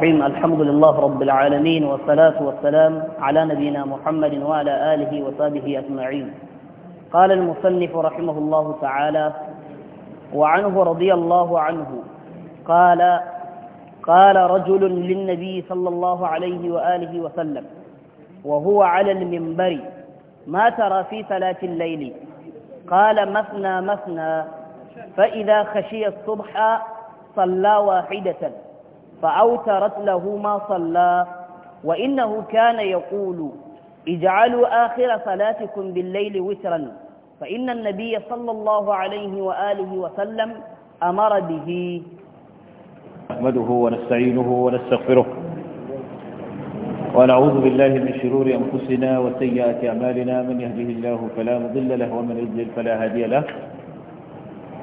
الرحيم الحمد لله رب العالمين والصلاة والسلام على نبينا محمد وعلى آله وصحبه أجمعين قال المصنف رحمه الله تعالى وعنه رضي الله عنه قال قال رجل للنبي صلى الله عليه وآله وسلم وهو على المنبر ما ترى في صلاة الليل قال مثنى مثنى فإذا خشي الصبح صلى واحدة فأوترت له ما صلى وإنه كان يقول اجعلوا آخر صلاتكم بالليل وترا فإن النبي صلى الله عليه وآله وسلم أمر به نحمده ونستعينه ونستغفره ونعوذ بالله من شرور أنفسنا وسيئات أعمالنا من يهده الله فلا مضل له ومن يضلل فلا هادي له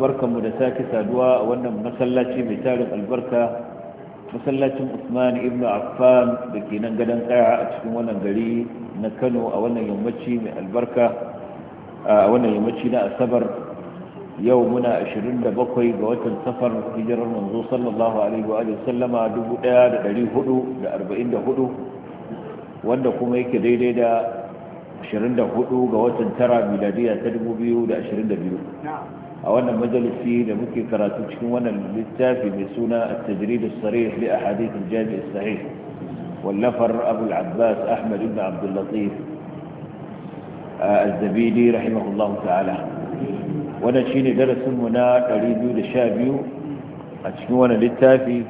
barkanmu da sake saduwa a wannan masallaci mai tarin albarka masallacin usman ibn affan da ke nan gadon tsaya a cikin wannan gari na kano a wannan yammaci mai albarka a wannan yammaci na asabar yau muna 27 ga watan safar hijirar manzo sallallahu alaihi wa sallama 1444 wanda kuma yake daidai da 24 ga watan tara miladiya ta 2022 a wannan majalisi da muke karatu cikin wannan littafi mai suna a tajrid da sarih li ahadith al-jami' as wallafar Abu al-Abbas Ahmad ibn Abd al-Latif az rahimahullah ta'ala wannan shine darasin mu na 212 a cikin wannan littafi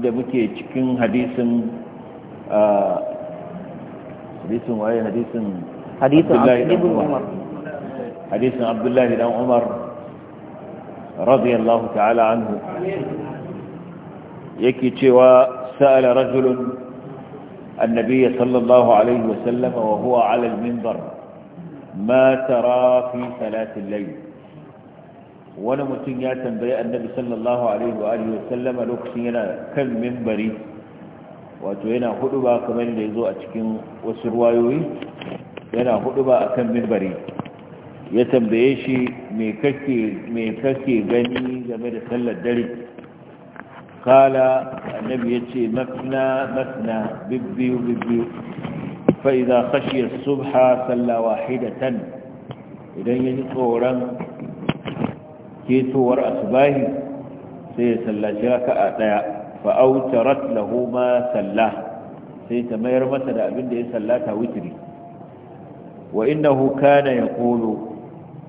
da muke cikin hadisin حديث وهي حديث عبد الله بن عمر حديث عبد الله بن عمر رضي الله تعالى عنه يكي سأل رجل النبي صلى الله عليه وسلم وهو على المنبر ما ترى في ثلاث الليل ونمتن يا النبي صلى الله عليه وآله وسلم لك سينا كالمنبري wato yana hudu ba kamar da ya zo a cikin wasu ruwayoyi yana hudu ba a kan mirbari ya tambaye shi mai kake gani game da sallar dare kala annabi ya ce mafina mafina bibbiyu bibbiyu fa'iza kashiyar subha sallawa haidatan idan ya ji tsoron ketowar asubahi sai ya sallaci raka a ɗaya Fa'auta autarat lahu ma salla sai ta mayar masa da abin da ya sallata witri wa innahu kana yaqulu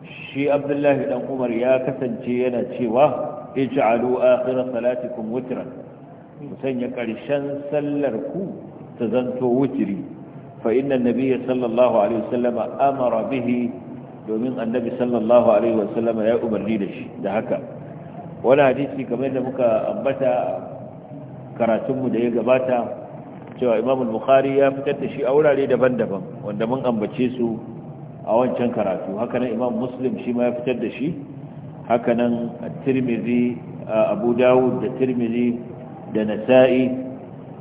shi abdullahi dan umar ya kasance yana cewa ij'alu akhir salatikum Ku sanya karshen sallar ku ta zanto witri fa inna nabiyya sallallahu alaihi wasallam amara bihi domin annabi sallallahu alaihi wasallam ya umarni da shi da haka wani hadisi kamar da muka ambata karatunmu da ya gabata cewa imamul bukhari ya fitar da shi a wurare daban-daban wanda mun ambace su a wancan karatu hakanan imam muslim shi ma ya fitar da shi hakanan tirmidhi uh, abu dawud da tirmidhi da nasa'i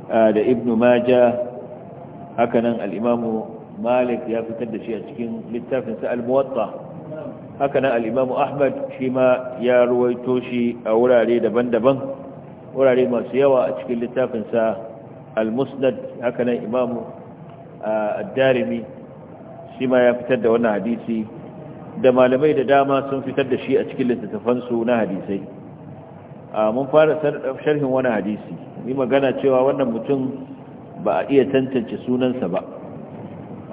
uh, da ibnu maja hakanan al-imam malik ya fitar da shi a cikin littafin sa al-muwatta hakanan al-imam ahmad shi ma ya ruwaito shi a wurare daban-daban wurare masu yawa a cikin littafinsa al-musnad haka nan imamu ad-darimi shi ma ya fitar da wannan hadisi da malamai da dama sun fitar da shi a cikin littattafansu na hadisai mun fara sharhin wani hadisi ni magana cewa wannan mutum ba a iya tantance sunansa ba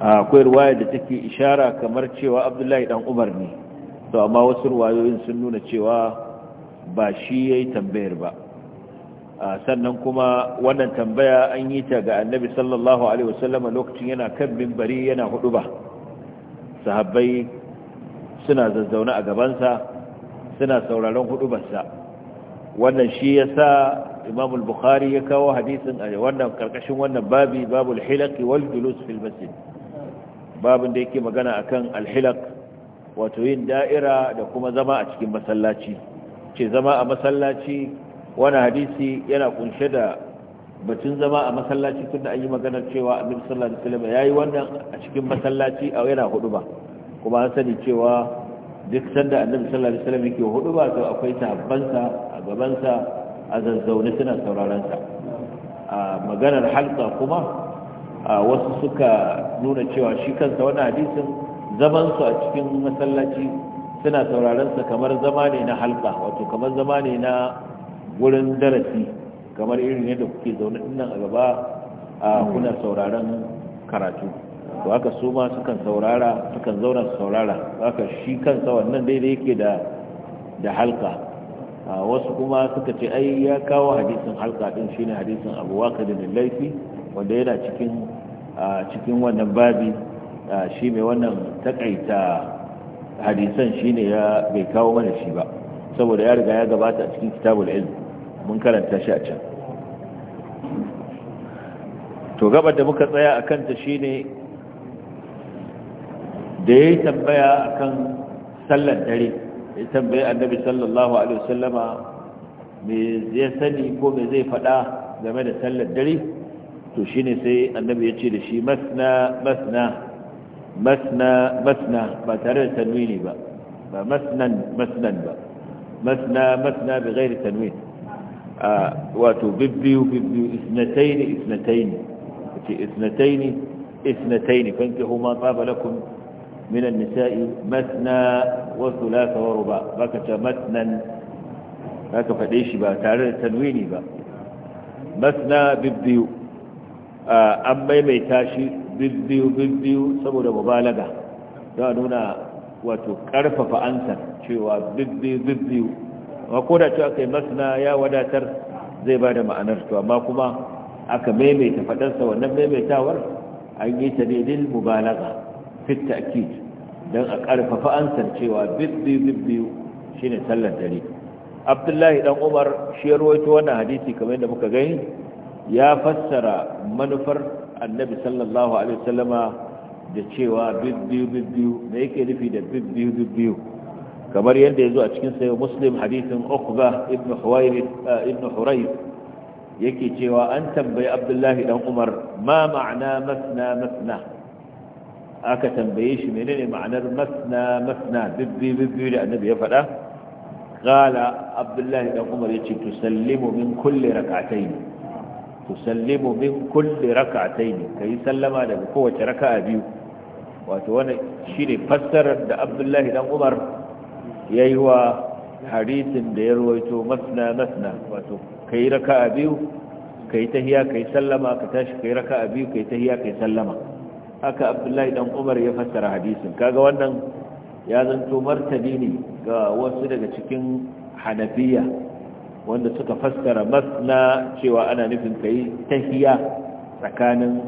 akwai ruwaya da take ishara kamar cewa abdullahi dan umar ne to amma wasu ruwayoyin sun nuna cewa ba shi ya yi tambayar ba Ah, sannan kuma wannan tambaya an yi ta ga annabi sallallahu alaihi lokacin yana kan mimbari yana hudu ba sahabbai suna zazzauna a gabansa suna sauraron hudubarsa wannan shi ya sa imamul bukhari ya kawo hadisin a wannan karkashin wannan babi babu alhilaki wal julus fil masjid babin da yake magana akan alhilak wato yin da'ira da kuma zama a cikin masallaci ce zama a masallaci wani hadisi yana kunshe da batun zama a masallaci tun da an yi maganar cewa annabi sallallahu alaihi wasallam yayi wannan a cikin masallaci a yana hudu ba kuma an sani cewa duk sanda annabi sallallahu alaihi wasallam yake hudu ba to akwai sahabbansa a gabansa a zazzaune suna sauraron a maganar halka kuma wasu suka nuna cewa shi kansa wannan hadisin zaman a cikin masallaci suna sauraron sa kamar zama ne na halka wato kamar zama ne na wurin darasi kamar irin yadda kuke zaune nan a gaba a kuna sauraron karatu to haka su ma sukan saurara sukan zauna su saurara haka shi kansa wannan daidai yake da da halka wasu kuma suka ce ai ya kawo hadisin halka din shine hadisin Abu Waqid al wanda yana cikin cikin wannan babi shi mai wannan takaita hadisan shine ya bai kawo mana shi ba saboda ya riga ya gabata a cikin kitabul ilm mun karanta shi a can to gaba da muka tsaya a kanta shi ne da ya tambaya a kan sallar dare ya tambaya annabi sallallahu alaihi wasallama me zai sani ko me zai faɗa game da sallar dare to shi ne sai annabi ya ce da shi masna masna masna masna ba tare da tanwini ba ba masnan masnan ba masna masna bi ghairi tanwini آه، وتببيو ببيو اثنتين اثنتين اثنتين اثنتين فانكهوا ما طاب لكم من النساء مثنى وثلاثة ورباء بكت مثنى لا تفديش با تعرض تنويني با مثنى ببيو آه، أما يميتاشي ببيو ببيو سبب مبالغة دانونا وتكرفف أنسا شوى ببيو ببيو amma ko da cewa kai masana ya wadatar zai ba da ma'anar to amma kuma aka maimaita faɗarsa wannan maimaitawar an yi ta ne dil mubalaga fit ta'kid dan a karfafa ansar cewa bibbi bibbi shine sallar dare Abdullahi dan Umar shi ya rawaito wannan hadisi kamar yadda muka gani ya fassara manufar Annabi sallallahu alaihi wasallama da cewa bibbiyu bibbiyu da yake nufi da bibbiyu bibbiyu kamar yadda ya zo a cikin sayo muslim hadithin ukba ibn ah, hurayf yake cewa an tambayi abdullahi dan umar ma ma'ana masna masna aka tambaye shi menene ma'anar masna masna bibbi bibbi da annabi ya faɗa qala abdullahi dan umar ya yace tusallimu min kulli rak'atayn tusallimu min kulle kulli ka yi sallama daga kowace raka'a biyu wato wannan shine fassarar da abdullahi dan umar ya yi wa hadisin da ya ruwaito masna masna wato ka yi raka a biyu ka yi tahiya ka yi sallama ka tashi ka yi raka a biyu ka yi tahiya ka yi sallama haka abdullahi dan umar ya fassara hadisin kaga wannan ya zanto martani ne ga wasu daga cikin hanafiya wanda suka fassara masna cewa ana nufin ka yi tahiya tsakanin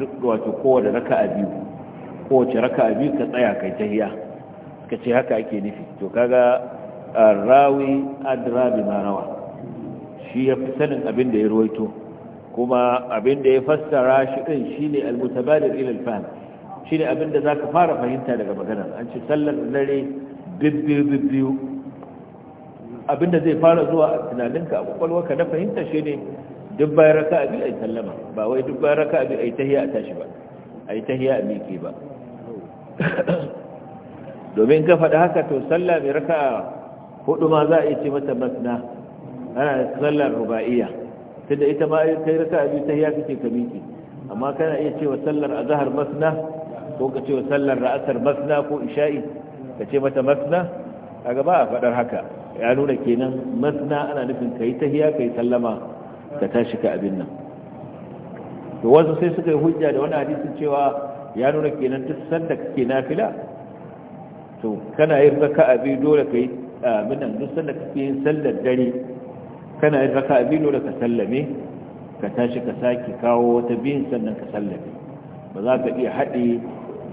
duk wato raka a kowace raka a biyu ka tsaya ka yi tahiya Ka ce haka ake nufi to kaga rawi adra bi marawa shi ya fi sanin abin da ya ruwaito kuma abin da ya fassara shi din shine almutabadir ila alfahm ne abin da zaka fara fahimta daga magana an ce sallar dare bibbiyu bibbiyu abin da zai fara zuwa a tunaninka a kwakwalwarka na fahimta shi ne duk bayan raka'a bi ai sallama ba wai duk bayan raka'a a yi tahiya a tashi ba a yi tahiya a miƙe ba domin ka faɗi haka to sallah mai raka hudu ma za a yi ce mata masna ana sallar ruba'iya tunda ita ma kai raka biyu ta ya kace ka miki amma kana iya cewa sallar a zahar masna ko ka cewa sallar ra'asar masna ko isha'i ka ce mata masna kaga gaba a faɗar haka ya nuna kenan masna ana nufin ka kai tahiya yi sallama ka tashi ka abin nan to wasu sai suka yi hujja da wani hadisin cewa ya nuna kenan duk sanda kake nafila to kana yin raka'a biyu dole kai abin nan duk sanda yin sallar dare kana yin raka'a biyu dole ka sallame ka tashi ka sake kawo wata biyun sannan ka sallame ba za ka iya haɗe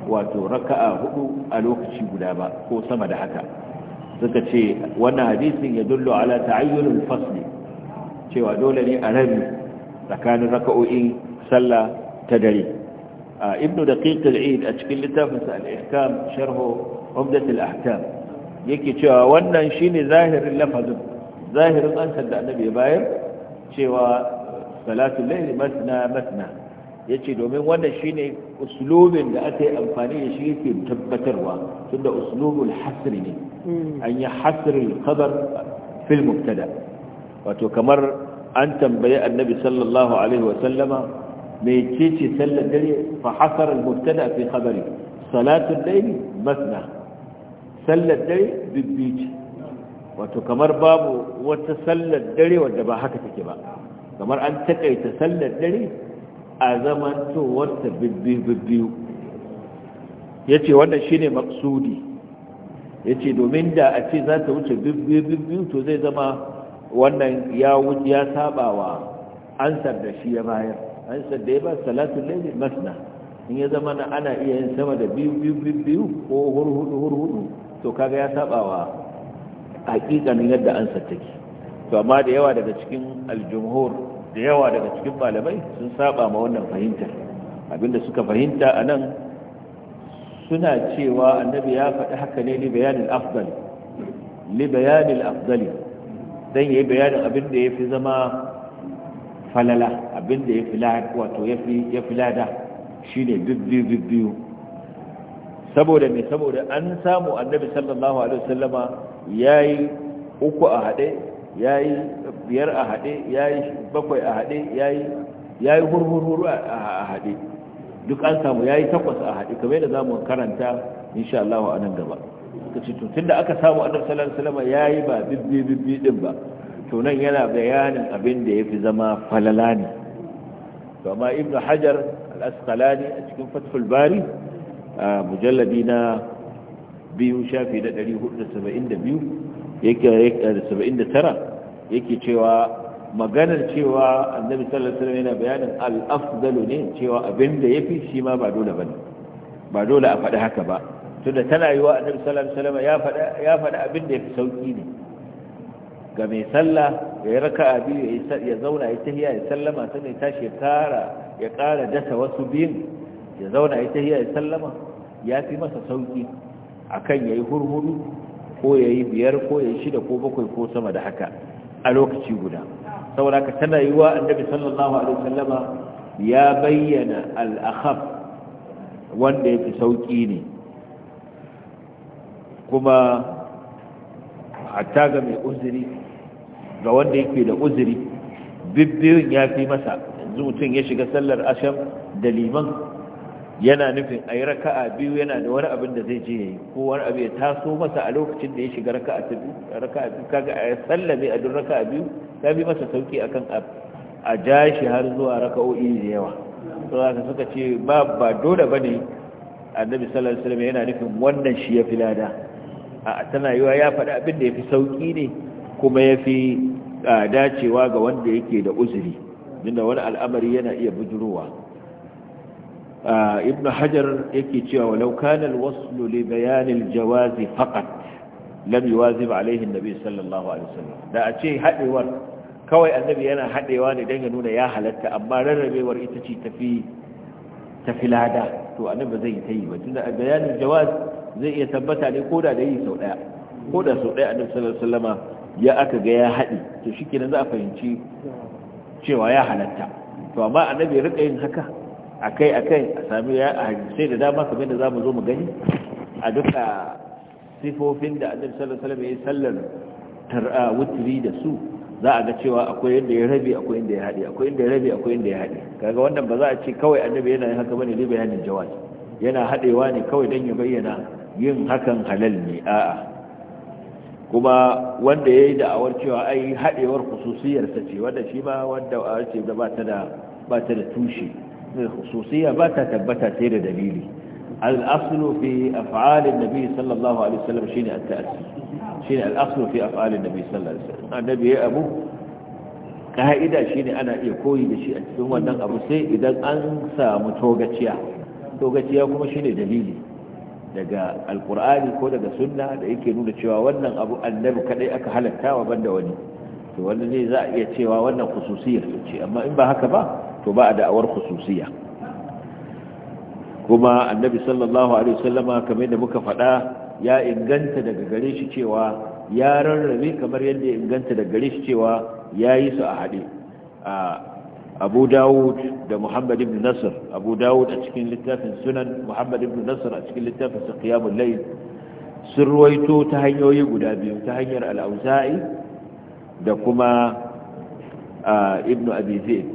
wato raka'a hudu a lokaci guda ba ko sama da haka suka ce wannan hadisin ya dullo ala ta'ayyunin fasli cewa dole ne a rami tsakanin raka'o'in sallah ta dare ibnu daqiq al-eid a cikin littafinsa al-ihkam sharhu umdatul ahkam yake cewa wannan shine zahirin lafazin zahirin ansar da annabi ya bayar cewa salatul layli matna matna ce domin wannan shi ne uslubin da aka yi amfani da shi yake tabbatarwa tunda uslubul hasr ne an yi hasrul kabar fil mubtada wato kamar an tambaye annabi sallallahu alaihi wa sallama mecece sallar dare fa hasara al mubtada fi khabari salatul layli matna sallar dare bibbici wato kamar babu wata sallar dare wadda ba haka take ba kamar an takaita sallar dare a zaman zamantowarta bibbiyu ya ce wannan shi maksudi Yace ce domin da a ce za ta wuce bibbiyu to zai zama wannan ya wuce ya sabawa ansar da shi ya bayar ansar da ya ba salatun laili masna in ya zama ana iya yin sama da biyu biyu ko hurhudu hurhudu to kaga ya saba wa hakikanin yadda an take to amma da yawa daga cikin aljumhur da yawa daga cikin malamai sun saba ma wannan fahimtar abinda suka fahimta a nan suna cewa annabi ya faɗi haka ne li bayanin afdal li bayanin afdal dan yayi bayanin abin da yafi zama falala abin da yafi lada wato yafi yafi lada shine dubbi biyu saboda me saboda an samu annabi sallallahu alaihi wasallama yayi uku a hade yayi biyar a hade yayi bakwai a hade yayi yayi hurhurhuru a hade duk an samu yayi takwas a hade kamar da zamu karanta insha Allah a nan gaba kace to tunda aka samu annabi sallallahu alaihi wasallama yayi ba bibbi bibbi din ba to nan yana bayanin abin da yafi zama falalani, to amma ibnu hajar al-asqalani a cikin fathul bari mujalladi na biyu shafi da 472 yake tara yake cewa maganar cewa annabi sallallahu alaihi wasallam yana bayanin al-afdalu ne cewa abinda yafi shi ma ba dole bane ba dole a faɗi haka ba tunda tana yiwa annabi sallallahu alaihi wasallam ya faɗa ya faɗa abinda yafi sauki ne ga mai sallah ya yi raka'a biyu ya zauna ya tahiya ya sallama sannan ya tashi ya ƙara ya kara dasa wasu biyun ya zauna ita ya sallama ya fi masa sauki ya yi hurhuru ko ya yi biyar ko ya yi shida ko bakwai ko sama da haka a lokaci guda saboda ka tana wa annabi sallallahu alaihi wasallama ya bayyana al-akhaf wanda yake sauki ne kuma a taga mai uzuri ga wanda yake da uzuri bibbiyun ya fi masa yanzu mutum ya shiga sallar asham da liman yana nufin a yi raka'a biyu yana da wani abin da zai je ya yi ko wani abu ya taso masa a lokacin da ya shiga raka'a ta biyu raka'a biyu kaga a sallame a duk raka'a biyu ta bi masa sauki akan a ja shi har zuwa raka'o'i da yawa to haka suka ce ba ba dole bane annabi sallallahu alaihi wasallam yana nufin wannan shi ya fi lada a tana yiwa ya faɗi abin da ya fi sauki ne kuma ya fi dacewa ga wanda yake da uzuri inda wani al'amari yana iya bujurowa ibn hajar yake cewa walau kana alwaslu li bayan aljawaz faqat lam yuwazib alaihi annabi sallallahu alaihi wasallam da a ce hadewar kawai annabi yana hadewa ne dan ya nuna ya halatta amma rarrabewar ita ce tafi tafi lada to annabi zai ta yi ba tunda bayanin jawaz zai iya tabbata ne koda da yi sau daya koda sau daya annabi sallallahu alaihi wasallama ya aka ga ya hadi to shikenan za a fahimci cewa ya halatta to amma annabi rika yin haka akai akai a sami ya sai da dama kamar da zamu zo mu gani a duka sifofin da annabi sallallahu alaihi wasallam ya sallar wutri da su za a ga cewa akwai yadda ya rabi akwai yadda ya haɗe akwai yadda ya rabi akwai yadda ya haɗe kaga wannan ba za a ce kawai annabi yana yin haka bane dai bayanin jawaz yana haɗewa ne kawai dan ya bayyana yin hakan halal ne a'a kuma wanda ya yi da'awar cewa ai haɗewar khususiyarsa ce wanda shi ma wanda a ce da ba ta da tushe khususiyya ba ta tabbata sai da dalili al-aslu fi af'al an sallallahu alaihi wasallam shine shine al-aslu fi af'al an sallallahu alaihi wasallam annabi ya abu ka'ida shine ana iya koyi da shi a cikin wannan abu sai idan an samu togaciya togaciya kuma shine dalili daga alkur'ani ko daga sunna da yake nuna cewa wannan abu annabi kadai aka halarta wa banda wani to za iya cewa wannan khususiyar amma in ba haka ba to ba a da'awar khususiya kuma annabi sallallahu alaihi wasallama kamar da muka faɗa ya inganta daga gare shi cewa ya rarrabe kamar yadda ya inganta daga gare shi cewa ya yi su a haɗe abu dawud da muhammad ibn nasir abu dawud a cikin littafin sunan muhammad ibn nasir a cikin littafin su qiyamul layl sun ruwaito ta hanyoyi guda biyu ta hanyar al-auza'i da kuma ibn abi zaid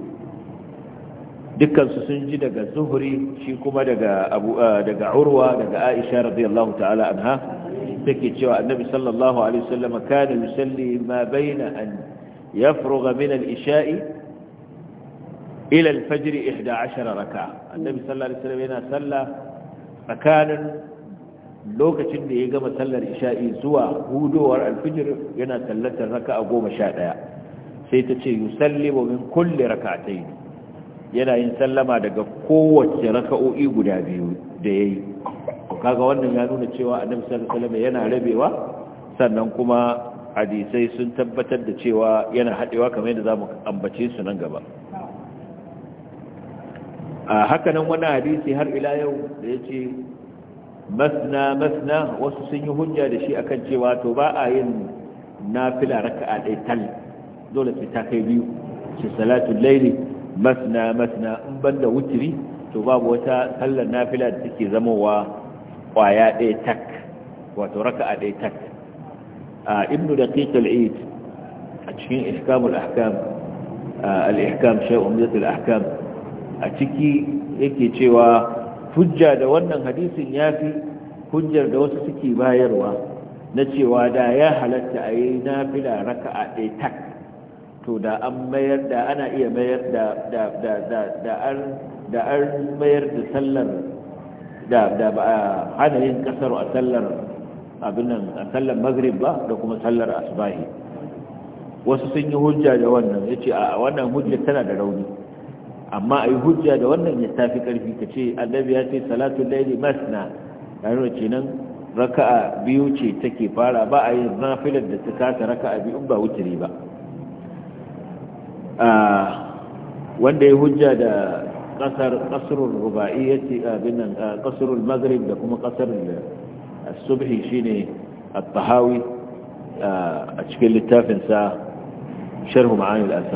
dukkansu sun ji daga zuhuri shi kuma daga abu eh, daga urwa daga aisha radiyallahu ta'ala anha take cewa annabi sallallahu alaihi wasallam kana yusalli ma baina an yafrugha min al-isha'i ila al-fajr 11 raka'a annabi sallallahu alaihi wasallam yana salla tsakanin lokacin da ya gama sallar isha'i zuwa hudowar al-fajr yana sallatar raka'a 11 sai ta ce yusalli min kulli raka'atayn yana yin sallama daga kowace raka'o'i guda biyu da yayi kaga wannan ya nuna cewa annabi sallallahu alaihi wasallam yana rabewa sannan kuma hadisai sun tabbatar da cewa yana hadewa kamar yadda zamu ambace su nan gaba a haka nan wannan hadisi har ila yau da yace masna masna wasu sun yi hujja da shi akan cewa to ba a yin nafila raka'a ɗaya tal dole sai ta kai biyu shi salatul layli masna masna in banda wutiri to babu wata sallar nafila da take zamowa kwaya ɗaya tak wato a ɗaya tak a ibnu da al-eid a cikin ihkam al-ahkam al-ihkam shay al-ahkam a ciki yake cewa hujja da wannan hadisin ya fi hujjar da wasu suke bayarwa na cewa da ya halatta a yi nafila a ɗaya tak to da an mayar da ana iya mayar da da da da da an da an mayar da sallar da da ba hana yin kasar a sallar abin nan a sallar maghrib ba da kuma sallar asbahi wasu sun yi hujja da wannan yace a wannan hujja tana da rauni amma yi hujja da wannan ya tafi karfi kace annabi ya ce salatul layli masna yana nan raka'a biyu ce take fara ba a yi nafilar da ta kasa raka'a biyu ba wuce ba wanda ya hujja da kasar ya ce abin nan kasarun maghrib da kuma kasar subhi shine a tahawi a cikin littafinsa sharhu ma'ani al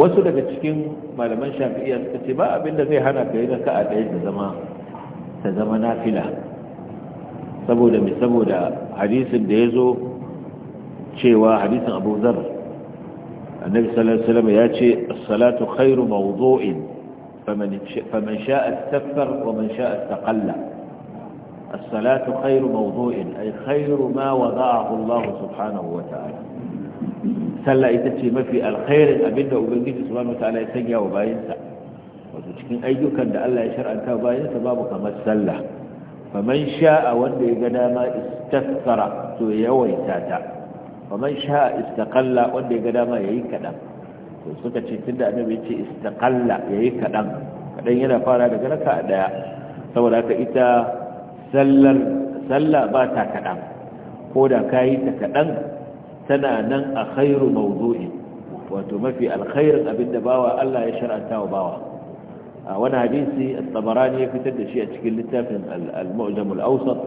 wasu daga cikin malaman shafi'iyya suka ce ba abin da zai hana ka yi ka'a ɗaya ta zama ta zama nafila saboda mai saboda hadisin da ya zo cewa hadisin abu zarar annabi sallallahu alaihi wasallam ya ce as-salatu khairu mawdu'in faman faman sha'a istaghfar wa man sha'a istaqalla as-salatu khairu mawdu'in ay khairu ma wada'ahu Allah sallah ita ce mafi alkhairin abinda ubangiji subhanahu wa ta'ala ya sanya wa bayinsa wato cikin ayyukan da Allah ya shar'anta bayansa babu kamar sallah faman sha'a wanda ya ga dama istaghfara to yawaita ta faman sha istaqalla wanda ya ga dama yayi kadan to suka ce tunda annabi ya ce istaqalla yayi kadan kadan yana fara daga raka daya saboda haka ita sallar salla ba ta kadan ko da kayi ta kadan tana nan a khairu mawdu'i wato mafi alkhairin abinda bawa Allah ya shar'anta wa bawa a wani hadisi at-tabarani ya fitar da shi a cikin littafin al-mu'jam al-awsat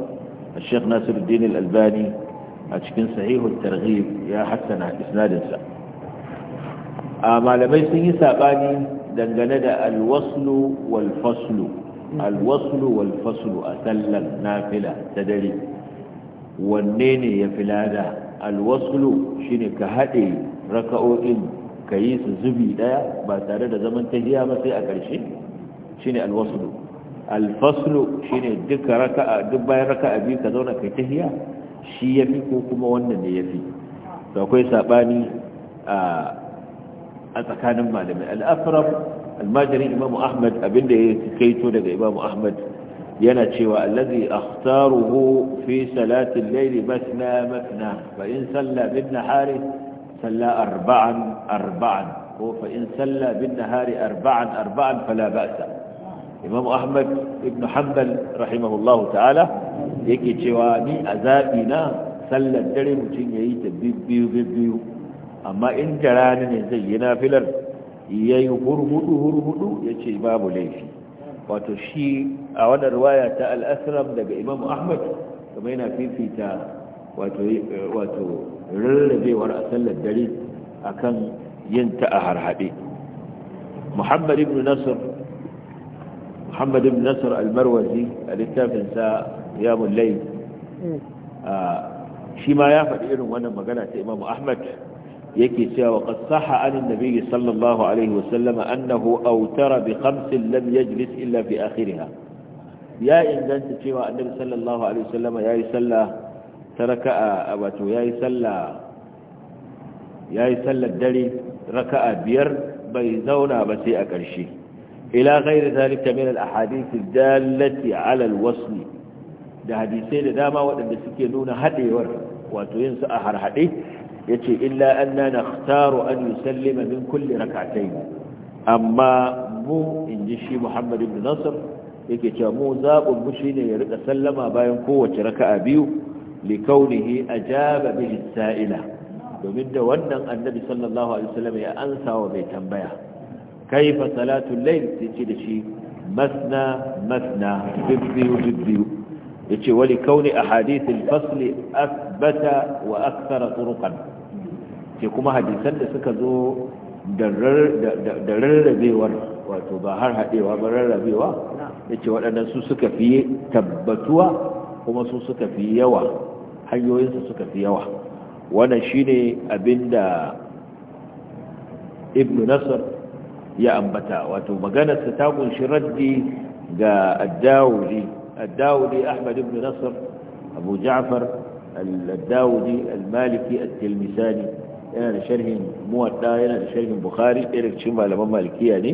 الشيخ ناصر الدين الألباني a cikin sahihun targhib ya hassana isnadinsa a malamai sun yi saɓani dangane da alwaslu walfaslu alwaslu walfaslu a sallan nafila ta dare wanne ne ya fi alwaslu shine ka haɗe raka'o'in ka yi su zubi ɗaya ba tare da zaman tahiya ba sai a ƙarshe shine alwaslu alfaslu shine duk bayan raka'a biyu ka zauna kai hiya? shi ya fi ko kuma wannan ne ya fi to akwai saɓani a tsakanin malamai al almajirin imam ahmad abinda ya kaito daga imam ahmad yana cewa allazi akhtaruhu fi salati al-layl masna masna fa in salla bin nahari salla arba'an arba'an ko fa in salla bin nahari arba'an arba'an fala ba'sa imam ahmad ibn hanbal rahimahullahu ta'ala yake cewa ni a zaɓi na sallar dare mutum ya yi ta biyu biyu amma in da rana ne zai yi filar ya yi hurhudu hurhudu ya ce babu laifi wato shi a wadda ruwaya ta al'asiram daga imam ahmad kamar yana fifita wato rarrabewar a sallar dare akan yin ta a harhaɗe muhammad ibn nasir muhammad ibn nasar almarwazi a littafinsa ya mullai hmm. ah, shi ya faɗi irin wannan magana ta imamu ahmad yake cewa qad sahha anin nabiy sallallahu alaihi wa sallama annahu awtara bi khamsin lam yajlis illa fi akhiriha ya inganta cewa annabi sallallahu alaihi wa sallama yayi sallah taraka'a wato yayi sallah yayi sallar dare raka'a biyar bai zauna ba sai a ƙarshe ila ghairi zalika min al ahadith dallati ala al wasl da hadisai da dama waɗanda suke nuna haɗewar wato yin su a harhade yace illa anna nakhtaru an yusallima min kulli rak'atayn amma mu inji shi Muhammad ibn Nasr yake cewa mu zabun mu shine ya rika sallama bayan kowace raka'a biyu likaunihi ajaba bihi sa'ila domin da wannan annabi sallallahu alaihi wasallam ya ansa wa mai tambaya kaifa salatul layl sai ce da shi masna masna bibbiyu bibbiyu yace wali kauni ahadith al-fasl athbata wa akthar turuqan ce kuma hadisan da suka zo da rarrabewar wato ba har haɗewa ba rarrabewa yace waɗannan su suka fi tabbatuwa kuma su suka fi yawa hanyoyinsu suka fi yawa wannan shine abinda ibnu nasr ya ambata wato maganarsa ta kunshi raddi ga addawuli addawuli ahmad ibn nasr abu ja'far addawuli al-maliki at-tilmisani yana da sharhin muwadda yana da sharhin bukhari irin cikin malaman malikiya ne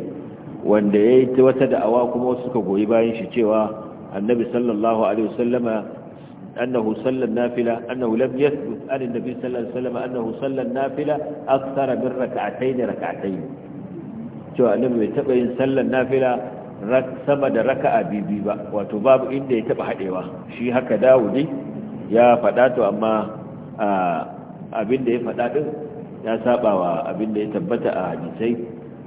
wanda ya yi wata da'awa kuma wasu suka goyi bayan shi cewa annabi sallallahu alaihi wasallama أنه صلى النافلة أنه لم يثبت عن النبي صلى الله عليه وسلم أنه صلى النافلة أكثر من ركعتين cewa annabi bai taba yin sallar nafila sama da a bibi ba wato babu inda ya taba hadewa shi haka dawudi ya faɗa to amma abin da ya faɗa din ya saba wa abin da ya tabbata a hadisai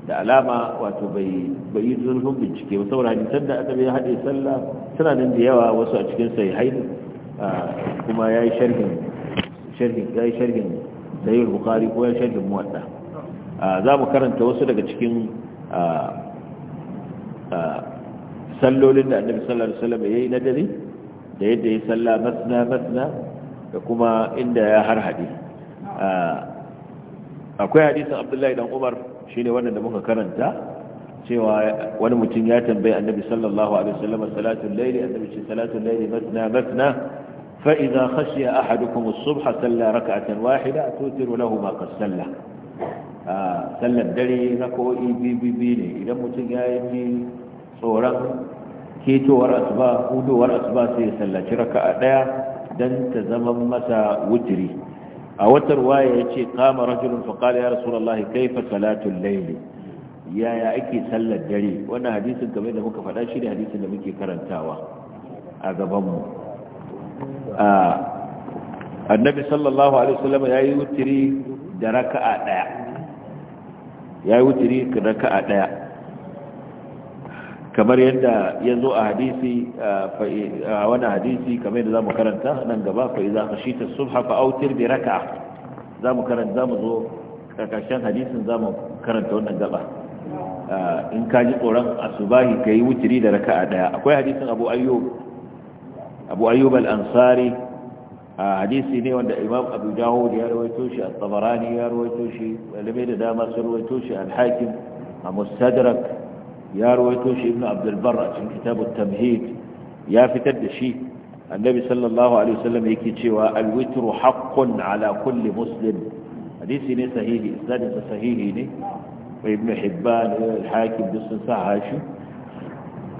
da alama wato bai yi zurfin bincike ba saboda hadisan da annabi ya haɗe sallah suna nan da yawa wasu a cikin sahihai kuma yayi sharhin sharhin yayi sharhin bukhari ko ya sharhin muwatta Ah, za mu karanta wasu daga cikin ah, ah, sallolin da annabi sallallahu salama ya yi na dare da yadda ya salla masna masna da kuma inda ya har harhade akwai hadisin Abdullahi dan Umar shi ne wannan da muka karanta cewa wani mutum ya tambayi annabi sallallahu alaihi wasallam salatul layli annabi ce salatul layli masna masna fa idza khashiya ahadukum as-subha salla rak'atan wahida tutiru lahu ma qad salla sallar dare raka'o'i biyu ne idan mutum ya yi tsoron ketowar asuba hudowar asuba sai ya sallaci raka'a daya dan ta zama masa wutiri a watar waye ya ce kama rajulun faƙali ya rasu Allah kaifa salatun laili yaya ake sallar dare wannan hadisin game da muka faɗa shi da hadisin da muke karantawa a gabanmu annabi sallallahu alaihi wasallam ya yi wutiri da raka'a ɗaya ya yi wuturi a ɗaya kamar yadda ya zo a hadisi a wani hadisi kamar yadda za mu karanta nan gaba fa iza khashita sun hafa autir da raka za mu karanta za mu zo ƙarƙashen hadisin za mu karanta wannan gaba in ka ji tsoron asubahi ka yi wuturi da raka a ɗaya akwai hadisin abu ayyub abu ayyub al-ansari hadisi ne wanda imam abu dawud ya rawaito shi a tabarani ya rawaito shi malamai da dama sun rawaito shi al a mustadrak ya rawaito shi ibn abdulbar a cikin kitab tamhid ya fitar da shi annabi sallallahu alaihi wasallam yake cewa al-witru haqqun ala kulli muslim hadisi ne sahihi isnadin sahihi ne ibn hibban al-hakim bisun sahashi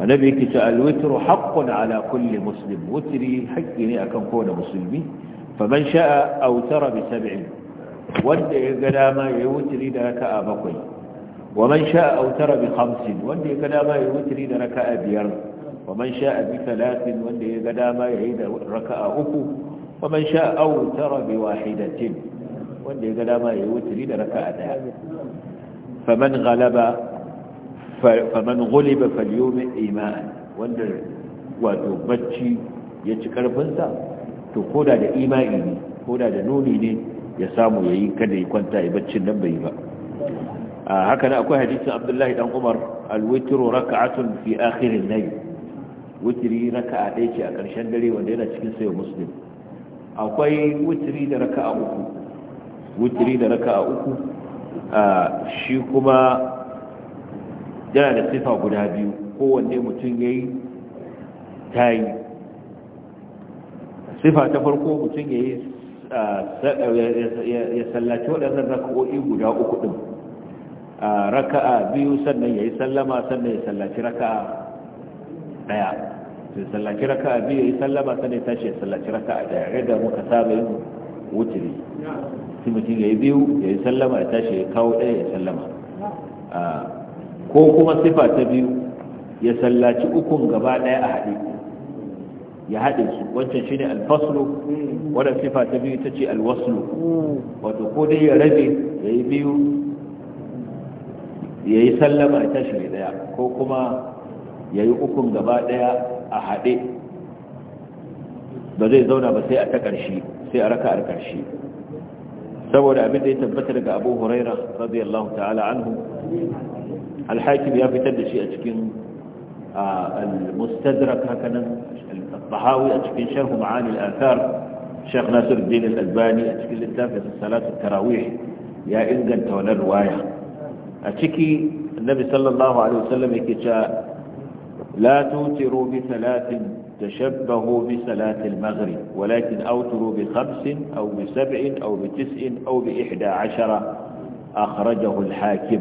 annabi yake ce alwitru haqqun ala kulli muslim wutri haqqi ne akan kowane musulmi faman sha'a awtara bi sab'in wanda ya ga dama ya wutri da raka'a bakwai waman sha'a awtara bi khamsin wanda ya ga dama ya wutri da raka'a biyar waman sha'a bi thalathin wanda ya ga dama ya yi da raka'a uku waman sha'a awtara bi wahidatin wanda ya ga dama ya wutri da raka'a daya faman ghalaba faman ghuliba falyumi iman wanda wato bacci ya ci karfinsa to koda da imani ne koda da nuni ne ya samu yayi kada ya kwanta ya baccin nan bai ba haka nan akwai hadisin Abdullahi dan Umar al-witru rak'atun fi akhir al-layl witri raka'a ɗaya ce a ƙarshen dare wanda yana cikin sayo muslim akwai witri da raka'a uku witri da raka'a uku shi kuma yana da sifa guda biyu kowanne mutum ya yi ta yi sifa ta farko mutum ya yi ya sallaci waɗannan raka'o'i guda uku ɗin raka'a biyu sannan ya yi sallama sannan ya sallaci raka'a ɗaya ya sallaci raka'a biyu ya yi sallama sannan ya tashi ya sallaci raka'a ɗaya yadda muka saba yin wuturi sai mutum ya yi biyu ya yi sallama ya tashi ya kawo ɗaya ya sallama ko kuma sifa ta biyu ya sallaci ukun gaba ɗaya a haɗe ya haɗe su wancan shine alfaslu wannan sifa ta biyu ita ce alwaslu wato ko dai ya rabe ya yi biyu ya yi sallama ya tashi ɗaya ko kuma ya yi ukun gaba ɗaya a haɗe ba zai zauna ba sai a ta ƙarshe sai a raka a ƙarshe saboda abin da ya tabbata daga abu huraira radiyallahu ta'ala anhu الحاكم يا فتى شيء اتكين آه، المستدرك هكذا الطحاوي اتكين شرح معاني الاثار شيخ ناصر الدين الالباني اتكين للتافه الصلاه التراويح يا انزل ولا الروايه اتكي النبي صلى الله عليه وسلم يكتا لا توتروا بثلاث تشبهوا بصلاه المغرب ولكن اوتروا بخمس او بسبع او بتسع او باحدى عشر اخرجه الحاكم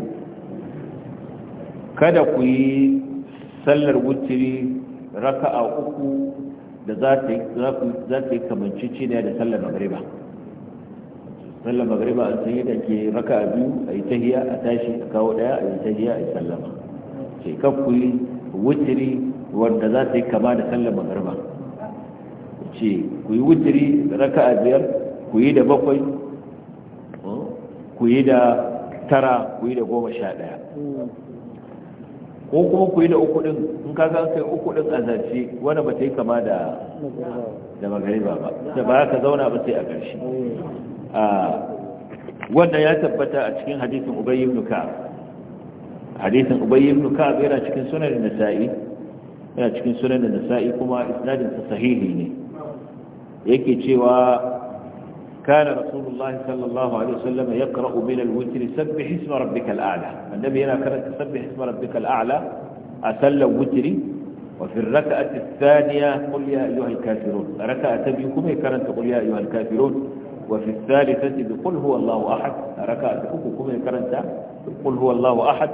kada ku yi sallar wuturi raka a uku da za ta yi kamanci ciniya da sallar magriba sallar magriba an san yadda ke raka a biyu a yi tahiya a tashi a kawo daya a yi tahiya a yi sallama sai kan ku yi wuturi wanda za ta yi kama da sallar magriba ce ku yi wuturi, raka a biyar ku yi da bakwai ku yi da tara ku yi da goma sha daya ko kuma ku yi da uku din in ka ga kai uku din a zace wanda ba ta yi kama da da magariba ba da ba ka zauna ba sai a ƙarshe wannan ya tabbata a cikin hadisin ubayy ibn ka'ab hadisin ubayy ibn ka'ab yana cikin sunan nasa'i yana cikin sunan nasa'i kuma isnadin sahihi ne yake cewa كان رسول الله صلى الله عليه وسلم يقرأ من الوتر سبح اسم ربك الأعلى النبي هنا كان تسبح اسم ربك الأعلى أسل وتري وفي الركعة الثانية قل يا أيها الكافرون ركعة بكم كانت تقول يا أيها الكافرون وفي الثالثة بقل هو الله أحد ركعة بكم كانت قل هو الله أحد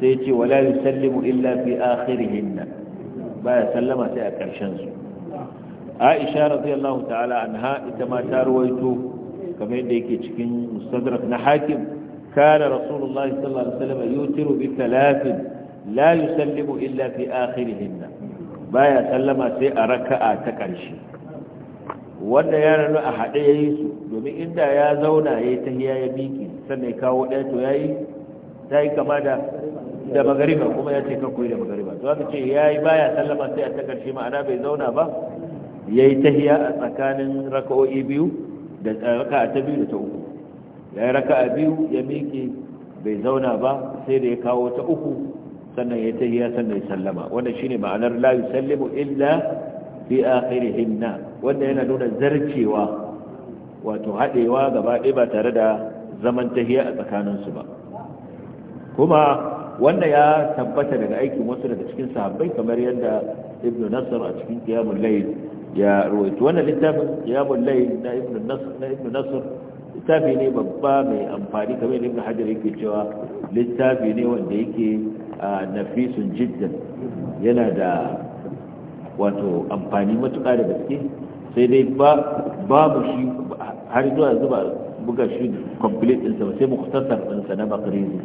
سيتي ولا يسلم إلا في آخرهن ما يسلم سيأكل شنزه aisha radiyallahu ta'ala anha ita ma ta ruwaito kamar yadda yake cikin mustadrak na hakim kana rasulullahi sallallahu alaihi wasallam yutiru bi thalathin la yusallimu illa fi akhirihinna baya sallama sai a raka'a ta ƙarshe wanda ya rano a haɗe ya yi su domin inda ya zauna ya yi tahiya ya miki sannan ya kawo ɗaya to ya yi ta yi kama da da magariba kuma ya ce kakwai da magariba to haka ce ya yi baya sallama sai a ta ƙarshe ma'ana bai zauna ba ya yi tahiya a tsakanin raka'o'i biyu da eh, raka'a ta biyu da ta uku ya yi raka'a biyu ya miƙe bai zauna ba sai da ya kawo ta uku sannan ya tahiya sannan ya sallama wanda shine ma'anar la yusallimu illa fi akhirihinna wanda yana nuna zarcewa wato haɗewa gaba ɗaya ba tare da zaman tahiya a tsakaninsu ba kuma wanda ya tabbata daga aikin wasu daga cikin sahabbai kamar yadda ibn nasar a cikin kiyamun layl ya ruwaito wannan littafin ya mullai na ibn nasr na ibn nasr littafi ne babba mai amfani kamar yadda ibn hajar yake cewa littafi ne wanda yake nafisun jiddan yana da wato amfani matuƙa da gaske sai dai babu shi har zuwa zuba buga shi complete ɗinsa sai mukhtasar ɗinsa na bakarizi